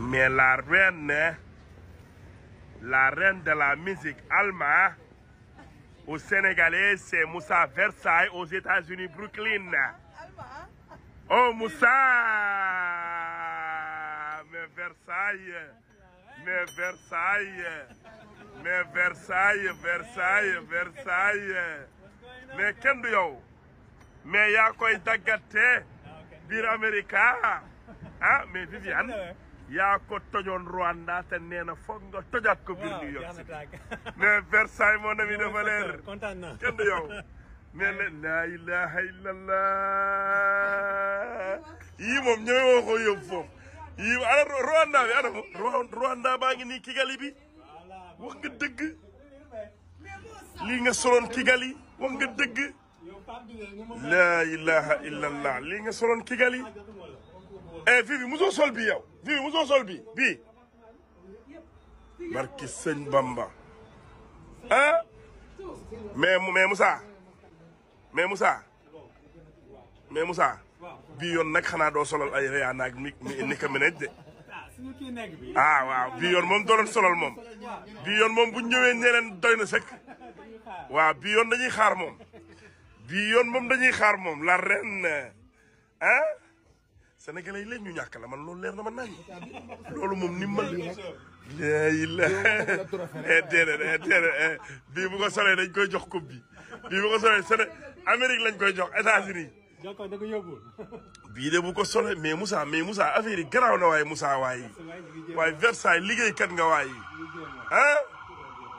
Mais la reine, la reine de la musique Alma, au Sénégalais, c'est Moussa Versailles, aux États-Unis, Brooklyn. Alma. Oh Moussa Mais Versailles Mais Versailles Mais Versailles, Versailles, Versailles Mais que mais a quoi ah mais Viviane ah, yaa ko tojoon Rwanda te nee na foog nga tojaat ko biir New York City mais Versailles mon ami dafa kenn du yow mais la laa ilaha illallah yii moom ñooy woo ko yóbbu yii ana Rwanda bi ana Rwanda baa ngi nii Kigali bi wax nga dëgg lii nga soloon Kigali wax nga dëgg laa ilaha illallah lii nga soloon Kigali eh fii bi mosoo sol bi yow bii mosoo sol bi bii barki sëñ Bamba ah mais mais Moussa mais Moussa mais Moussa bii yoon nag xanaa doo solal ay Rihanna ak mi mi ka de ah waaw bii yoon moom doon solal moom bii yoon moom bu ñëwee ñeneen doy na sëkk waaw bi yoon dañuy xaar moom bii yoon moom dañuy xaar moom la reine ah sénégalais yi léegi ñu ñàkk la man loolu leer na ma nañ loolu moom ni mal layi la déedéet déedéet bii bu ko solee dañ koy jox coupe bi bii bu ko solee séné amérique lañ koy jox états-unis bii de bu ko solee mais Moussa mais Moussa affaire yi garaaw na waaye Moussa waaye waaye Versailles liggéeykat nga waaye ah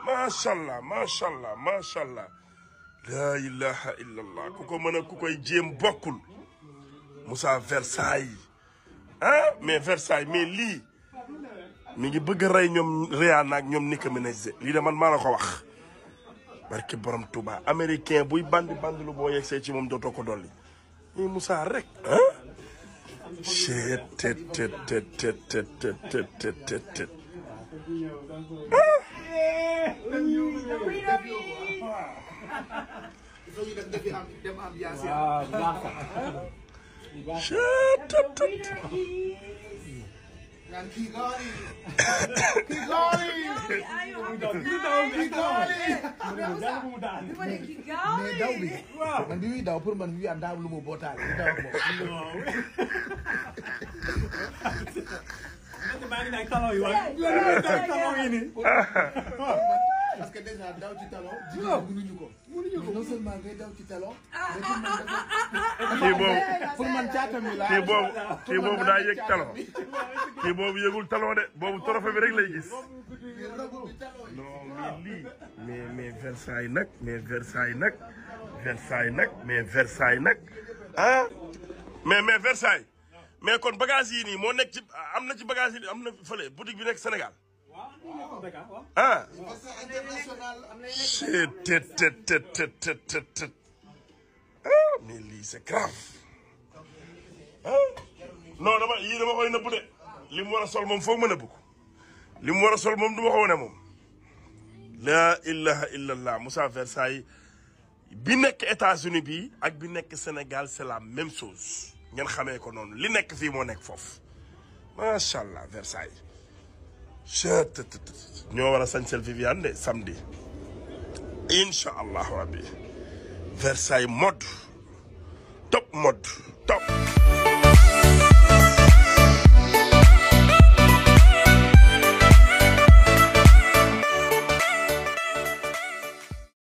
macha allah macha allah macha allah la ilaha illallah ku ko mën a ku koy jéem bokkul Moussa Versailles ah mais Versailles mais lii mi ngi bëgg a rey ñoom Rihanna ak ñoom Nicki Minaj lii daman man maa la ko wax. barke borom Touba américain buy bandi bandi lu boo see ci moom dootoo ko dolli ñii Moussa rek ah. chet tet tet tet tet tet tet tet tet mais daw bi man bi muy daw pour man wi am daa lu mu bootaale bi daw ak parce que déjà daw ci talon. jigéen mënuñu ko. mënuñu ko non seulement ngay daw ci talon. mais pour man caata mi la kii boobu kii boobu daa yëg talon kii boobu yëgul talon de boobu trophée bi rek lay gis. non mais lii mais mais Versailles nag mais Versailles nag Versailles nag mais Versailles nag ah mais mais Versailles mais kon bagage yi nii moo nekk ci am na ci bagage yi am na fële boutique bi nekk Sénégal. ah. c'est tet tet tet tet tet ah mais lii c'est grave. non dama yii dama koy nëbbu de li mu war a sol moom foog ma nëbbu ko li mu war a sol moom du ma ko wane moom laa ilaha illallah Moussa Versailles bi nekk États-Unis bi ak bi nekk Sénégal c'est la même chose ngeen xamee ko noonu li nekk fii moo nekk foofu macha allah Versailles chet ñoo war a sañsel Viviane de samedi incha allahu rabbi Versailles mode top mode